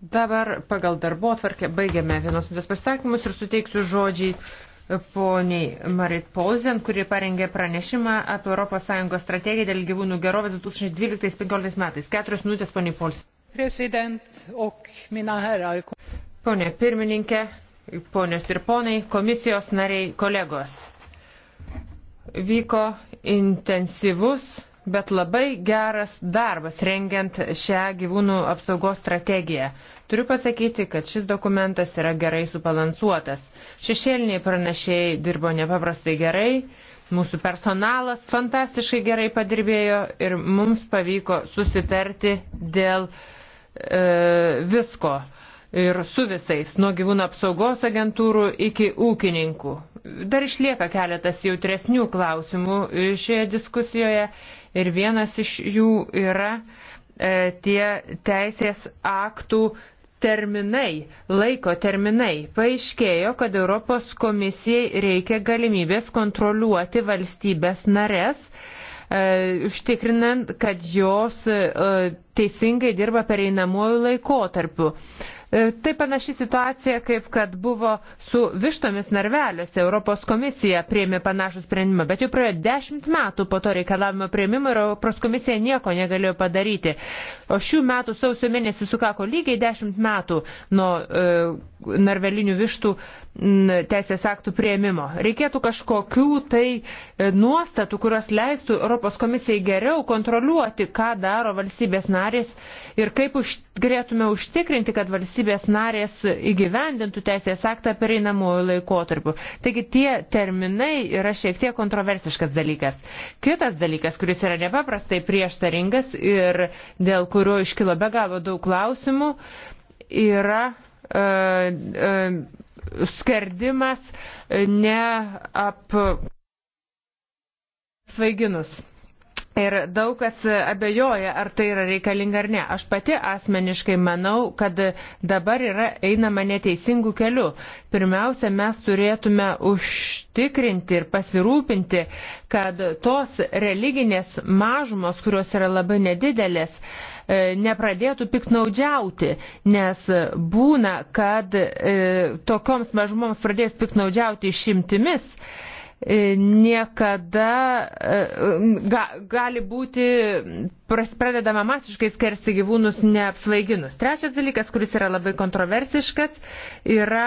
Dabar pagal darbo atvarkę baigiame vienos minutės pasakymus ir suteiksiu žodžiai e, poniai Marit Polzen, kuri parengė pranešimą apie ES strategiją dėl gyvūnų gerovės 2012-2015 metais. Keturios minutės, poniai Polzen. Pone pirmininkė, ponios ir ponai, komisijos nariai, kolegos. Vyko intensyvus bet labai geras darbas rengiant šią gyvūnų apsaugos strategiją. Turiu pasakyti, kad šis dokumentas yra gerai subalansuotas. Šešėliniai pranašėjai dirbo nepaprastai gerai, mūsų personalas fantastiškai gerai padirbėjo ir mums pavyko susitarti dėl e, visko. E, ir su visais, nuo gyvūnų apsaugos agentūrų iki ūkininkų. Dar išlieka keletas jautresnių klausimų šioje diskusijoje ir vienas iš jų yra e, tie teisės aktų terminai, laiko terminai. Paaiškėjo, kad Europos komisijai reikia galimybės kontroliuoti valstybės nares, e, užtikrinant, kad jos e, teisingai dirba pereinamojų laikotarpių. E, tai panaši situacija, kaip kad buvo su vištomis narvelėse. Europos komisija priemi panašų sprendimą, bet jau praėjo dešimt metų po to reikalavimo prieimimo ir Europos komisija nieko negalėjo padaryti. O šių metų sausio mėnesį sukako lygiai dešimt metų nuo e, narvelinių vištų teisės aktų prieimimo. Reikėtų kažkokių tai e, nuostatų, kurios leistų Europos komisijai geriau kontroliuoti, ką daro valstybės narės ir kaip už, galėtume užtikrinti, kad valstybės narės įgyvendintų teisės aktą pereinamųjų laikotarpių. Taigi tie terminai yra šiek tiek kontroversiškas dalykas. Kitas dalykas, kuris yra nepaprastai prieštaringas ir dėl kurio iškilo be galo daug klausimų, yra. Uh, uh, skerdimas e, neap svaiginus. Ir daug kas abejoja, ar tai yra reikalinga ar ne. Aš pati asmeniškai manau, kad dabar yra einama neteisingų kelių. Pirmiausia, mes turėtume užtikrinti ir pasirūpinti, kad tos religinės mažumos, kurios yra labai nedidelės, uh, E, nepradėtų piknaudžiauti, nes būna, kad e, tokioms mažumoms pradės piknaudžiauti išimtimis. E, niekada ga, gali būti pradedama masiškai skersti gyvūnus neapsvaiginus. Trečias dalykas, kuris yra labai kontroversiškas, yra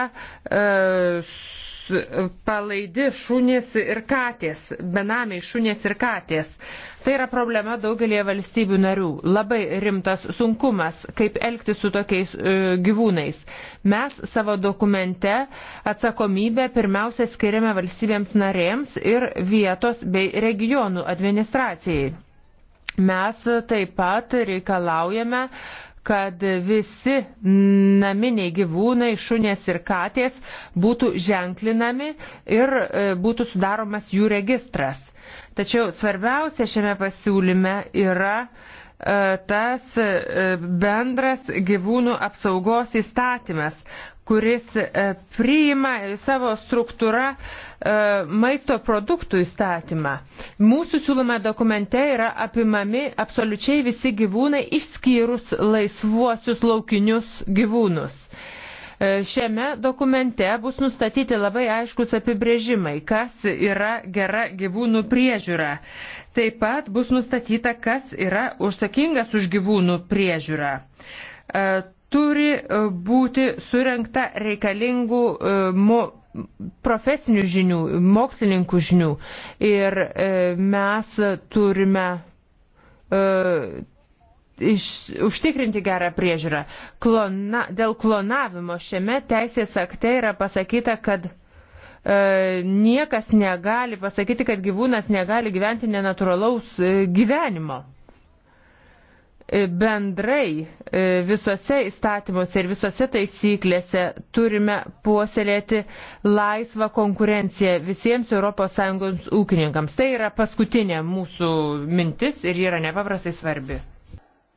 e, palaidi šunys ir katės, benamiai šunys ir katės. Tai yra problema daugelie valstybių narių. Labai rimtas sunkumas, kaip elgti su tokiais e, gyvūnais. Mes savo dokumente atsakomybę pirmiausia skiriame valstybėms narėms ir vietos bei regionų administracijai. Mes taip pat reikalaujame, kad visi naminiai gyvūnai, šunės ir katės būtų ženklinami ir e, būtų sudaromas jų registras. Tačiau svarbiausia šiame pasiūlyme yra tas e, bendras gyvūnų apsaugos įstatymas, kuris e, priima savo struktūrą e, maisto produktų įstatymą. Mūsų siūloma dokumente yra apimami absoliučiai visi gyvūnai išskyrus laisvuosius laukinius gyvūnus. E, šiame dokumente bus nustatyti labai aiškus apibrėžimai, kas yra gera gyvūnų priežiūra. Taip pat bus nustatyta, kas yra užsakingas už gyvūnų priežiūrą. E, turi e, būti surinkta reikalingų profesinių žinių, mokslininkų žinių. Ir mes turime iš, užtikrinti gerą priežiūrą. Klona, dėl klonavimo šiame teisės akte yra pasakyta, kad e, niekas negali pasakyti, kad gyvūnas negali gyventi nenatūralaus e, gyvenimo. E, bendrai e, visose įstatymuose ir visose taisyklėse turime puoselėti laisvą konkurenciją visiems ES ūkininkams. Tai yra paskutinė mūsų mintis ir yra nepaprastai svarbi.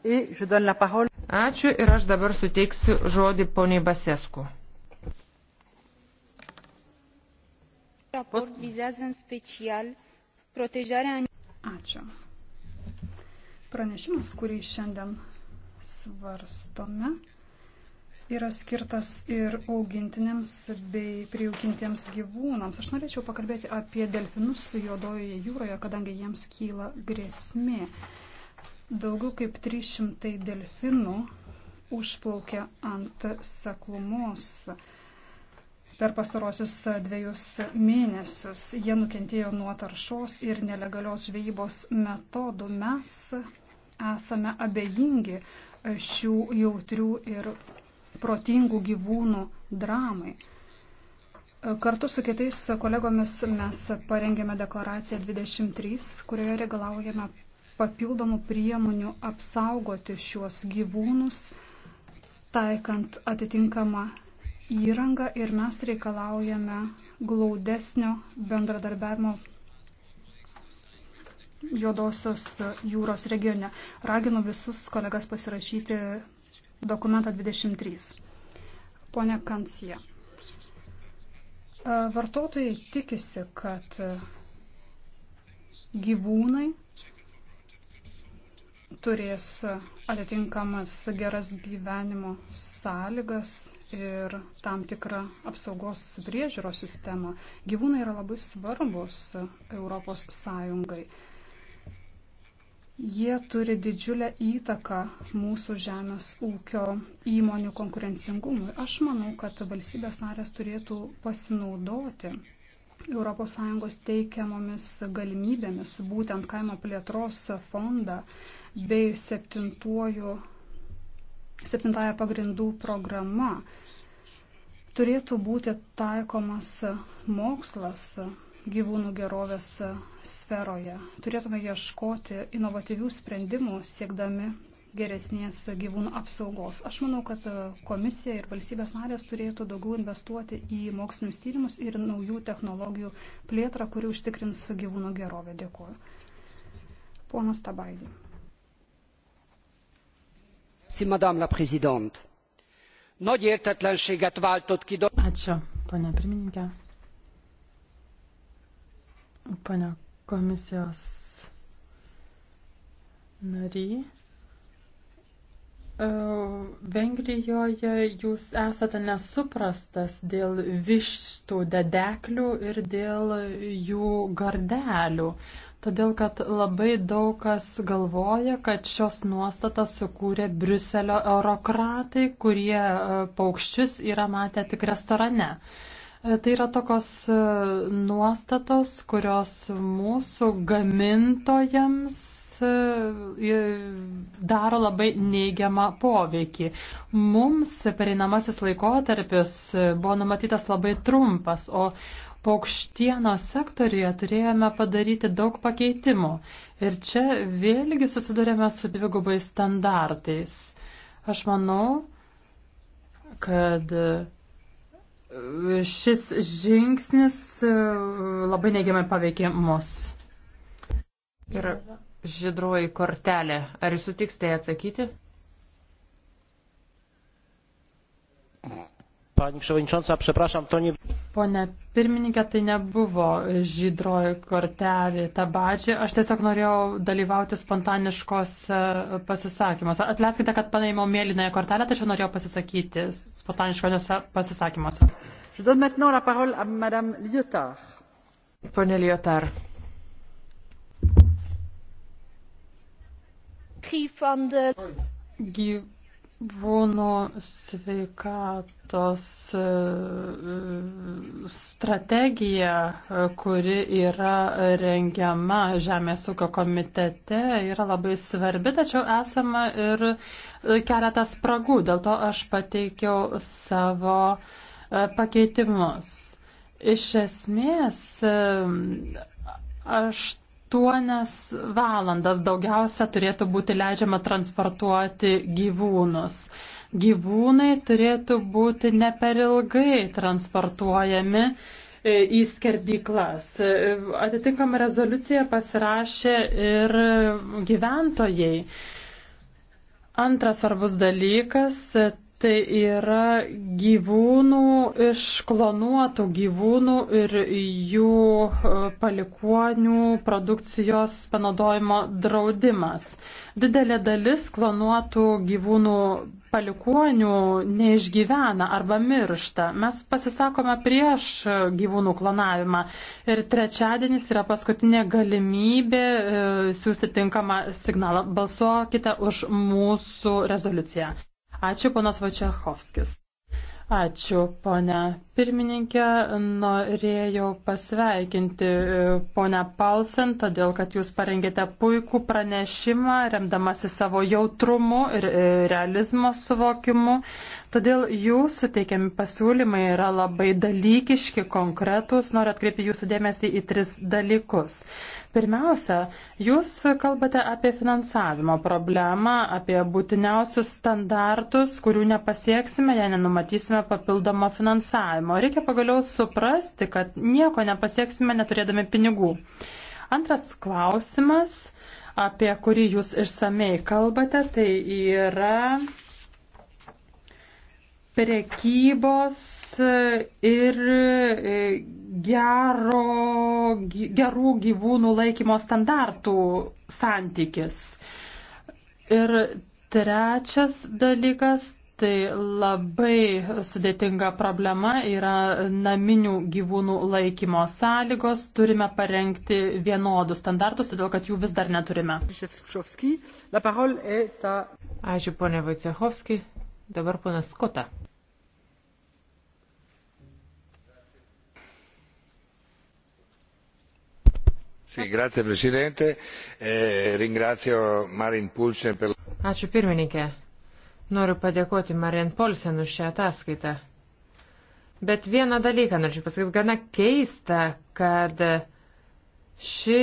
Ačiū ir aš dabar suteiksiu žodį poniai Basesku. Ačiū. Pranešimas, kurį šiandien svarstome, yra skirtas ir augintinėms bei prijaukintiems gyvūnams. Aš norėčiau pakalbėti apie delfinus juodojoje jūroje, kadangi jiems kyla grėsmė. Daugiau kaip 300 delfinų užplaukė ant seklumos per pastarosius dviejus mėnesius. Jie nukentėjo nuo taršos ir nelegalios žvejybos metodų. Mes esame abejingi šių jautrių ir protingų gyvūnų dramai. Kartu su kitais kolegomis mes parengėme deklaraciją 23, kurioje reikalaujame papildomų priemonių apsaugoti šiuos gyvūnus, taikant atitinkamą įrangą ir mes reikalaujame glaudesnio bendradarbiavimo Juodosios jūros regione. Raginu visus kolegas pasirašyti dokumentą 23. Pone Kancija. Vartotojai tikisi, kad gyvūnai turės atitinkamas geras gyvenimo sąlygas ir tam tikrą apsaugos priežiūros sistemą. Gyvūnai yra labai svarbus Europos Sąjungai. Jie turi didžiulę įtaką mūsų žemės ūkio įmonių konkurencingumui. Aš manau, kad valstybės narės turėtų pasinaudoti ES teikiamomis galimybėmis, būtent kaimo plėtros fondą bei septintuoju, septintaja pagrindų programa. Turėtų būti taikomas mokslas gyvūnų gerovės sferoje. Turėtume ieškoti inovatyvių sprendimų siekdami geresnės gyvūnų apsaugos. Aš manau, kad komisija ir valstybės narės turėtų daugiau investuoti į mokslinius tyrimus ir naujų technologijų plėtrą, kuri užtikrins gyvūnų gerovę. Dėkuoju. Ponas Tabaidė. Nagy értetlenséget váltott ki. Ačiū, ponia pirmininkė. Pane komisijos nary. E, Vengrijoje jūs esate nesuprastas dėl vištų dedeklių ir dėl jų gardelių. Uh, todėl kad labai daug kas galvoja, kad šios nuostatas sukūrė Briuselio eurokratai, kurie e, paukščius yra matę tik restorane. E, tai yra tokios e, nuostatos, kurios mūsų gamintojams daro labai neigiamą poveikį. Mums perinamasis laikotarpis buvo numatytas labai trumpas, o paukštieno sektoriuje turėjome padaryti daug pakeitimų. Ir čia vėlgi susidurėme su dvigubai standartais. Aš manau, kad e, šis žingsnis e, labai neigiamai paveikė mus. Ir žydroji kortelė. Ar jūs sutiksite atsakyti? Pani Przewodnicząca, przepraszam, to nie. Pone pirmininkė, tai nebuvo žydroji kortelė ta bačia. Aš tiesiog norėjau dalyvauti spontaniškos pasisakymuose. Atleiskite, kad panaimiau mėlynąją kortelę, tačiau norėjau pasisakyti spontaniškose pasisakymuose. Pone Liotar. Gyv gyvūnų sveikatos e, strategija, kuri yra rengiama Žemės ūkio komitete, yra labai svarbi, tačiau esama ir keletas spragų, dėl to aš pateikiau savo e, pakeitimus. Iš esmės, e, aš 8 valandas daugiausia turėtų būti leidžiama transportuoti gyvūnus. Gyvūnai turėtų būti ne per ilgai transportuojami e, į skerdyklas. E, atitinkamą rezoliuciją pasirašė ir gyventojai. Antras svarbus dalykas tai yra gyvūnų, išklonuotų gyvūnų ir jų e, palikuonių produkcijos panaudojimo draudimas. Didelė dalis klonuotų gyvūnų palikuonių neišgyvena arba miršta. Mes pasisakome prieš gyvūnų klonavimą ir trečiadienis yra paskutinė galimybė e, siūsti tinkamą signalą. Balsuokite už mūsų rezoliuciją. Ačiū, ponas Vačiachovskis. Ačiū, ponia pirmininkė. Norėjau pasveikinti e, ponia Palsen, todėl kad jūs parengėte puikų pranešimą, remdamasi savo jautrumu ir e, realizmo suvokimu. Todėl jūsų teikiami pasiūlymai yra labai dalykiški, konkretūs. Noriu atkreipti jūsų dėmesį į tris dalykus. Pirmiausia, jūs kalbate apie finansavimo problemą, apie būtiniausius standartus, kurių nepasieksime, jei nenumatysime sulauksime papildomo finansavimo. Reikia pagaliau suprasti, kad nieko nepasieksime neturėdami pinigų. Antras klausimas, apie kurį jūs išsamei kalbate, tai yra prekybos ir e, gero, gerų gyvūnų laikymo standartų santykis. Ir trečias dalykas Tai labai sudėtinga problema yra naminių gyvūnų laikymo sąlygos. Turime parengti vienodus standartus, todėl kad jų vis dar neturime. Ačiū, ponė Vaicehovski. Dabar ponas Skota. Signor Presidente, eh, ringrazio Marin Pulsen per. Ačiū pirmininkė. Noriu padėkoti Marian Polsen už šią ataskaitą. Bet vieną dalyką norėčiau pasakyti, gana keista, kad ši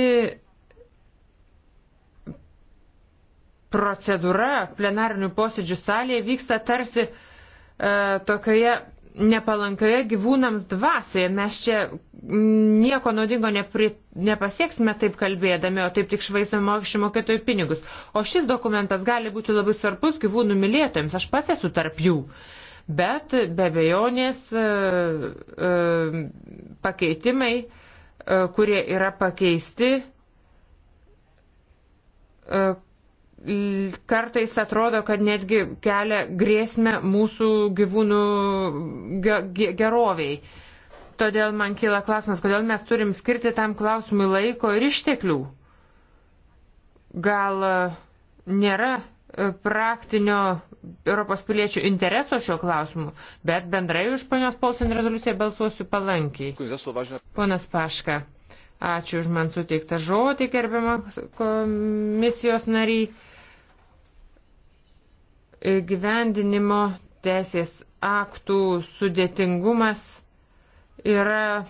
procedūra plenarinių posėdžių salėje vyksta tarsi e, tokioje nepalankioje gyvūnams dvasioje. Mes čia nieko naudingo nepri, nepasieksime taip kalbėdami, o taip tik švaistame mokesčių mokėtojų pinigus. O šis dokumentas gali būti labai svarbus gyvūnų mylėtojams. Aš pats esu tarp jų. Bet be bejonės e, e, pakeitimai, e, kurie yra pakeisti, kartais atrodo, kad netgi kelia grėsmę mūsų gyvūnų geroviai. Todėl man kyla klausimas, kodėl mes turim skirti tam klausimui laiko ir išteklių. Gal e, nėra e, praktinio Europos piliečių intereso šio klausimu, bet bendrai už ponios Polsen rezoliuciją balsuosiu palankiai. Ponas Paška, ačiū už man suteiktą žodį, gerbiamą komisijos nariai gyvendinimo teisės aktų sudėtingumas yra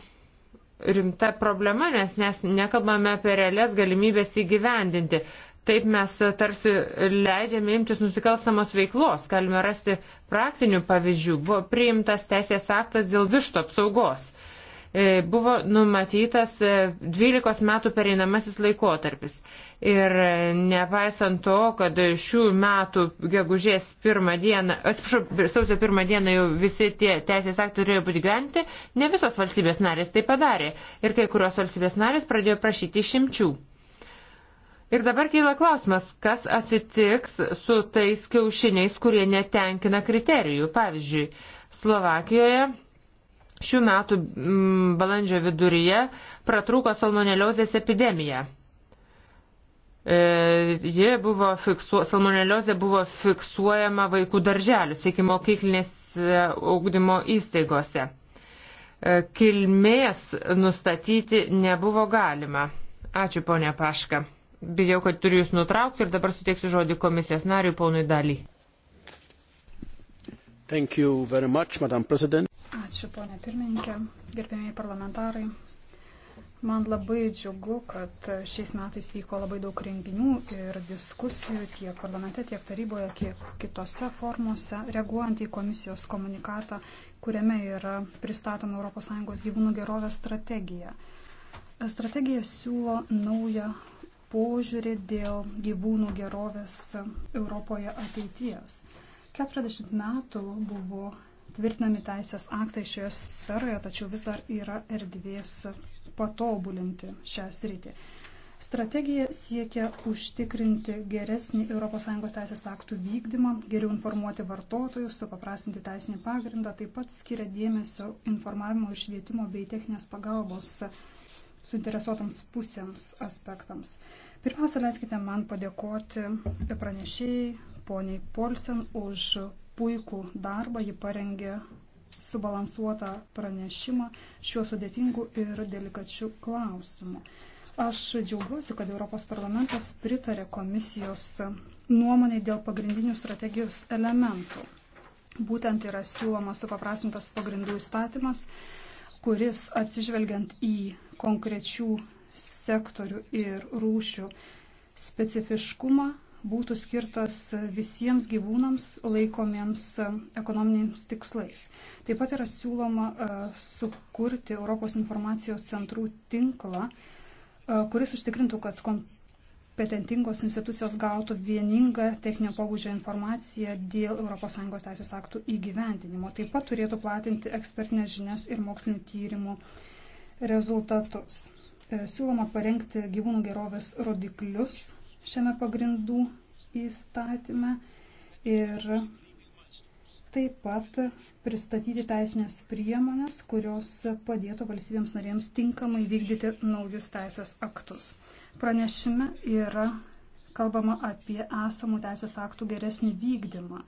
rimta problema, nes mes nekalbame apie realias galimybės įgyvendinti. Taip mes tarsi leidžiame imtis nusikalstamos veiklos, galime rasti praktinių pavyzdžių. Buvo priimtas teisės aktas dėl višto apsaugos. E, buvo numatytas 12 e, metų pereinamasis laikotarpis. Ir e, nepaisant to, kad šių metų gegužės pirmą dieną, atsiprašau, sausio pirmą dieną jau visi tie teisės aktai turėjo būti gyventi, ne visos valstybės narės tai padarė. Ir kai kurios valstybės narės pradėjo prašyti šimčių. Ir dabar kyla klausimas, kas atsitiks su tais kiaušiniais, kurie netenkina kriterijų. Pavyzdžiui, Slovakijoje šių metų mm, balandžio viduryje pratrūko salmoneliozės epidemija. E, ji buvo fiksuo, salmoneliozė buvo fiksuojama vaikų darželius iki mokyklinės augdymo e, įstaigose. E, kilmės nustatyti nebuvo galima. Ačiū, ponė Paška. Bijau, kad turiu Jūs nutraukti ir dabar suteiksiu žodį komisijos nariui, ponui Daly. Much, Ačiū, ponė pirmininkė, gerbėmiai parlamentarai. Man labai džiugu, kad šiais metais vyko labai daug renginių ir diskusijų tiek parlamente, tiek taryboje, tiek kitose formuose, reaguojant į komisijos komunikatą, kuriame yra pristatoma ES gyvūnų gerovės strategija. Strategija siūlo naują požiūrį dėl gyvūnų gerovės Europoje ateities. 40 metų buvo tvirtinami teisės aktai šioje sferoje, tačiau vis dar yra erdvės patobulinti šią sritį. Strategija siekia užtikrinti geresnį ES teisės aktų vykdymą, geriau informuoti vartotojus, supaprastinti teisinį pagrindą, taip pat skiria dėmesio informavimo ir švietimo bei techninės pagalbos suinteresuotams pusėms aspektams. Pirmiausia, leiskite man padėkoti pranešėjai poniai Polsen už puikų darbą, ji parengė subalansuotą pranešimą šiuo sudėtingu ir delikačiu klausimu. Aš džiaugiuosi, kad Europos parlamentas pritarė komisijos nuomonė dėl pagrindinių strategijos elementų. Būtent yra siūlomas supaprastintas pagrindų įstatymas, kuris atsižvelgiant į konkrečių sektorių ir rūšių specifiškumą būtų skirtas visiems gyvūnams laikomiems ekonominiams tikslais. Taip pat yra siūloma e, sukurti Europos informacijos centrų tinklą, e, kuris užtikrintų, kad kompetentingos institucijos gautų vieningą techninio pobūdžio informaciją dėl ES teisės aktų įgyvendinimo. Taip pat turėtų platinti ekspertinės žinias ir mokslinių tyrimų rezultatus. E, siūloma parengti gyvūnų gerovės rodiklius šiame pagrindų įstatyme ir taip pat pristatyti teisinės priemonės, kurios padėtų valstybėms narėms tinkamai vykdyti naujus teisės aktus. Pranešime yra kalbama apie esamų teisės aktų geresnį vykdymą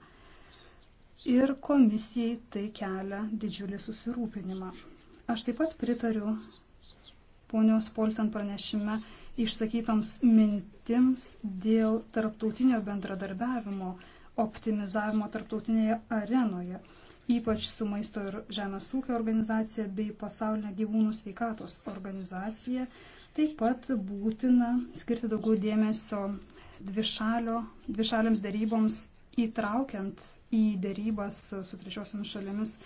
ir komisijai tai kelia didžiulį susirūpinimą. Aš taip pat pritariu ponios Polsen pranešime išsakytoms mintims dėl tarptautinio bendradarbiavimo optimizavimo tarptautinėje arenoje, ypač su maisto ir žemės ūkio organizacija bei pasaulinė gyvūnų sveikatos organizacija. Taip pat būtina skirti daugiau dėmesio dvišalio, dvišaliams daryboms įtraukiant į dėrybas su trečiosiomis šalimis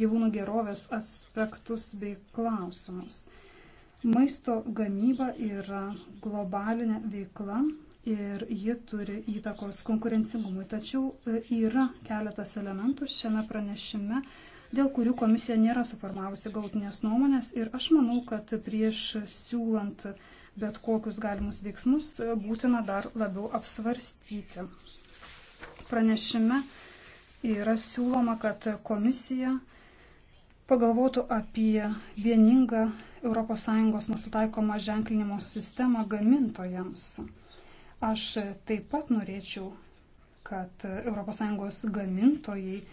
gyvūnų gerovės aspektus bei klausimus. Maisto gamyba yra globalinė veikla ir ji turi įtakos konkurencingumui. Tačiau e, yra keletas elementų šiame pranešime, dėl kurių komisija nėra suformavusi gautinės nuomonės ir aš manau, kad prieš siūlant bet kokius galimus veiksmus e, būtina dar labiau apsvarstyti. Pranešime yra siūloma, kad komisija pagalvotų apie vieningą ES mastu taikomą ženklinimo sistemą gamintojams. Aš taip pat norėčiau, kad ES gamintojai e,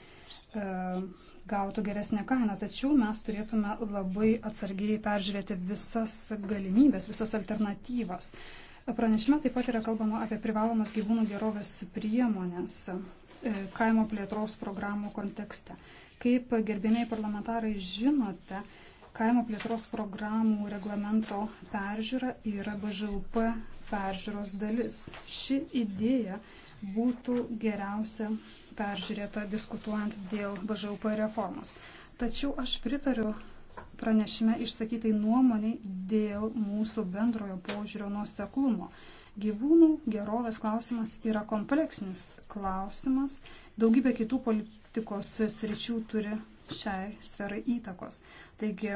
gautų geresnę kainą, tačiau mes turėtume labai atsargiai peržiūrėti visas galimybės, visas alternatyvas. Pranešime taip pat yra kalbama apie privalomas gyvūnų gerovės priemonės e, kaimo plėtros programų kontekste. Kaip gerbėmiai parlamentarai žinote, kaimo plėtros programų reglamento peržiūra yra BŽUP peržiūros dalis. Ši idėja būtų geriausia peržiūrėta diskutuojant dėl BŽUP reformos. Tačiau aš pritariu pranešime išsakytai nuomoniai dėl mūsų bendrojo požiūrio nuoseklumo. Gyvūnų gerovės klausimas yra kompleksinis klausimas, daugybė kitų politikų praktikos sričių turi šiai sferai įtakos. Taigi,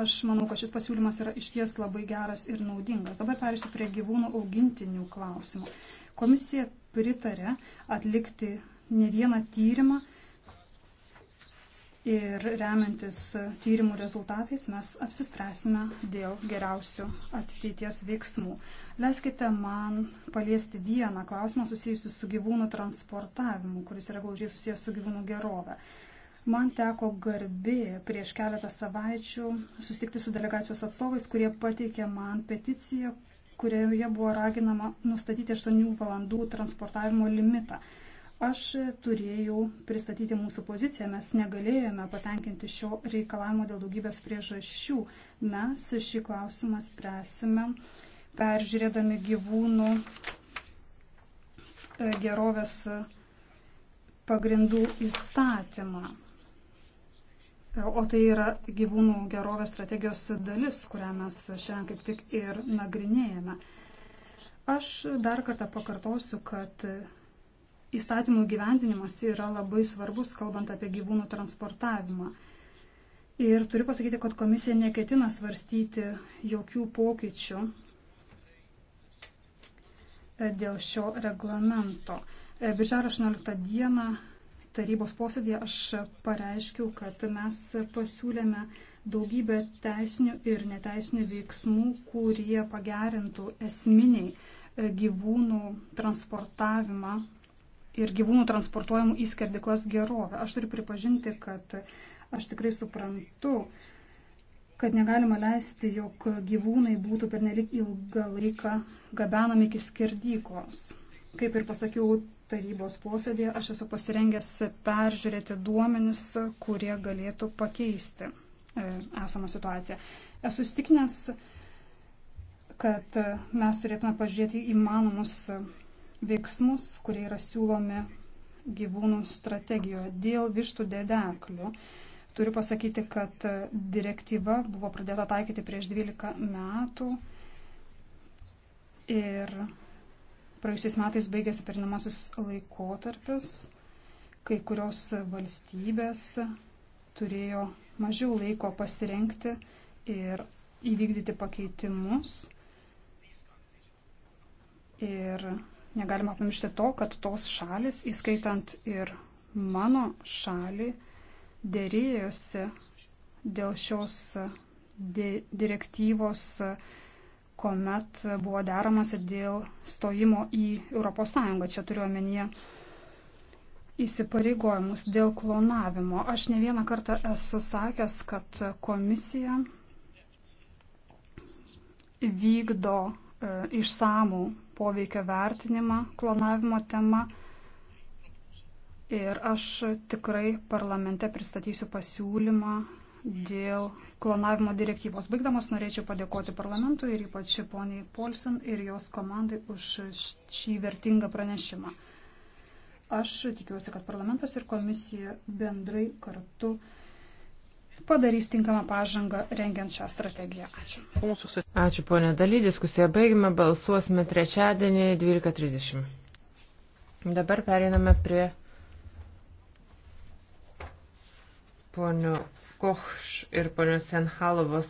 aš manau, kad šis pasiūlymas yra išties labai geras ir naudingas. Dabar perėsiu prie gyvūnų augintinių klausimų. Komisija pritarė atlikti ne vieną tyrimą ir remiantis tyrimų rezultatais mes apsispręsime dėl geriausių ateities veiksmų. Leiskite man paliesti vieną klausimą susijusiu su gyvūnų transportavimu, kuris yra glaudžiai susijęs su gyvūnų gerove. Man teko garbi prieš keletą savaičių susitikti su delegacijos atstovais, kurie pateikė man peticiją, kurioje buvo raginama nustatyti 8 valandų transportavimo limitą. Aš turėjau pristatyti mūsų poziciją, mes negalėjome patenkinti šio reikalavimo dėl daugybės priežasčių. Mes šį klausimą spręsime peržiūrėdami gyvūnų e, gerovės pagrindų įstatymą. E, o tai yra gyvūnų gerovės strategijos dalis, kurią mes šiandien kaip tik ir nagrinėjame. Aš dar kartą pakartosiu, kad įstatymų gyvendinimas yra labai svarbus, kalbant apie gyvūnų transportavimą. Ir turiu pasakyti, kad komisija neketina svarstyti jokių pokyčių e, dėl šio reglamento. E, birželio 18 dieną tarybos posėdėje aš pareiškiau, kad mes pasiūlėme daugybę teisinių ir neteisinių veiksmų, kurie pagerintų esminiai e, gyvūnų transportavimą ir gyvūnų transportuojamų į skerdiklas gerovę. Aš turiu pripažinti, kad aš tikrai suprantu, kad negalima leisti, jog gyvūnai būtų pernelik ilgą laiką gabenami iki skerdyklos. Kaip ir pasakiau tarybos posėdėje, aš esu pasirengęs peržiūrėti duomenis, kurie galėtų pakeisti e, esamą situaciją. Esu stikinęs, kad mes turėtume pažiūrėti įmanomus veiksmus, kurie yra siūlomi gyvūnų strategijoje dėl vištų dedeklių. Turiu pasakyti, kad direktyva buvo pradėta taikyti prieš 12 metų ir praėjusiais metais baigėsi perinamasis laikotarpis. Kai kurios valstybės turėjo mažiau laiko pasirenkti ir įvykdyti pakeitimus. Ir Negalima pamiršti to, kad tos šalis, įskaitant ir mano šalį, dėrėjosi dėl šios di direktyvos, kuomet buvo deramasi dėl stojimo į ES. Čia turiu omenyje įsipareigojimus dėl klonavimo. Aš ne vieną kartą esu sakęs, kad komisija vykdo e, išsamų poveikio vertinimą klonavimo tema. Ir aš tikrai parlamente pristatysiu pasiūlymą dėl klonavimo direktyvos. Baigdamas norėčiau padėkoti parlamentui ir ypač poniai Polsen ir jos komandai už šį vertingą pranešimą. Aš tikiuosi, kad parlamentas ir komisija bendrai kartu padarys tinkamą pažangą rengiant šią strategiją. Ačiū. Ačiū, ponė Daly. Diskusiją baigime. Balsuosime trečiadienį 12.30. Dabar pereiname prie ponio Koch ir ponio Senhalovos